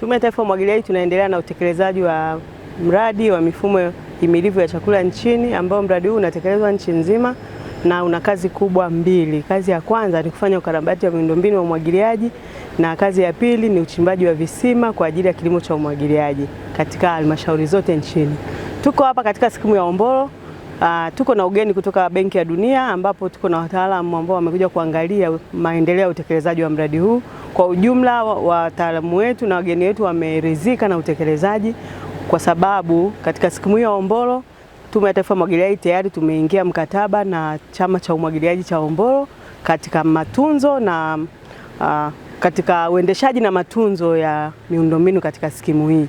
Tume ya Taifa ya Umwagiliaji tunaendelea na utekelezaji wa mradi wa mifumo himilivu ya chakula nchini ambao mradi huu unatekelezwa nchi nzima na una kazi kubwa mbili. Kazi ya kwanza ni kufanya ukarabati wa miundombinu wa umwagiliaji na kazi ya pili ni uchimbaji wa visima kwa ajili ya kilimo cha umwagiliaji katika halmashauri zote nchini. Tuko hapa katika skimu ya Ombolo. Uh, ah, tuko na ugeni kutoka Benki ya Dunia ambapo tuko na wataalamu ambao wamekuja kuangalia maendeleo ya utekelezaji wa mradi huu. Kwa ujumla, wataalamu wetu na wageni wetu wameridhika na utekelezaji, kwa sababu katika siku ya Hombolo Tume ya Taifa ya Umwagiliaji tayari tumeingia mkataba na chama cha umwagiliaji cha Hombolo katika matunzo na uh, katika uendeshaji na matunzo ya miundombinu katika skimu hii.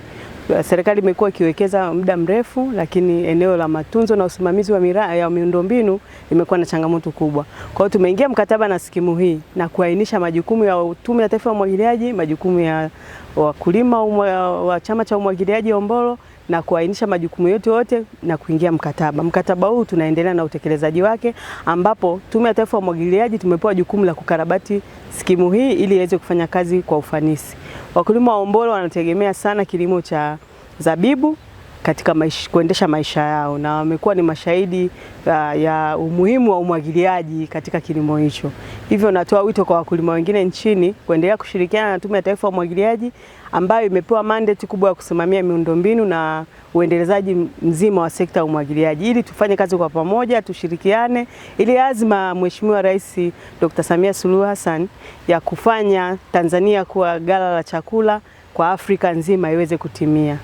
Eh, serikali imekuwa ikiwekeza muda mrefu, lakini eneo la matunzo na usimamizi wa miraa ya miundombinu imekuwa na changamoto kubwa. Kwa hiyo tumeingia mkataba na skimu hii na kuainisha majukumu ya Tume ya Taifa ya Umwagiliaji, majukumu ya wakulima wa Chama cha Umwagiliaji Ombolo na kuainisha majukumu yote yote na kuingia mkataba. Mkataba huu tunaendelea na utekelezaji wake, ambapo Tume ya Taifa ya Umwagiliaji tumepewa jukumu la kukarabati skimu hii ili iweze kufanya kazi kwa ufanisi. Wakulima wa Ombolo wanategemea sana kilimo cha zabibu katika maish, kuendesha maisha yao na wamekuwa ni mashahidi uh, ya umuhimu wa umwagiliaji katika kilimo hicho. Hivyo natoa wito kwa wakulima wengine nchini kuendelea kushirikiana na Tume ya Taifa ya Umwagiliaji ambayo imepewa mandate kubwa ya kusimamia miundombinu na uendelezaji mzima wa sekta ya umwagiliaji ili tufanye kazi kwa pamoja, tushirikiane ili azma Mheshimiwa Rais Dr. Samia Suluhu Hassan ya kufanya Tanzania kuwa ghala la chakula kwa Afrika nzima iweze kutimia.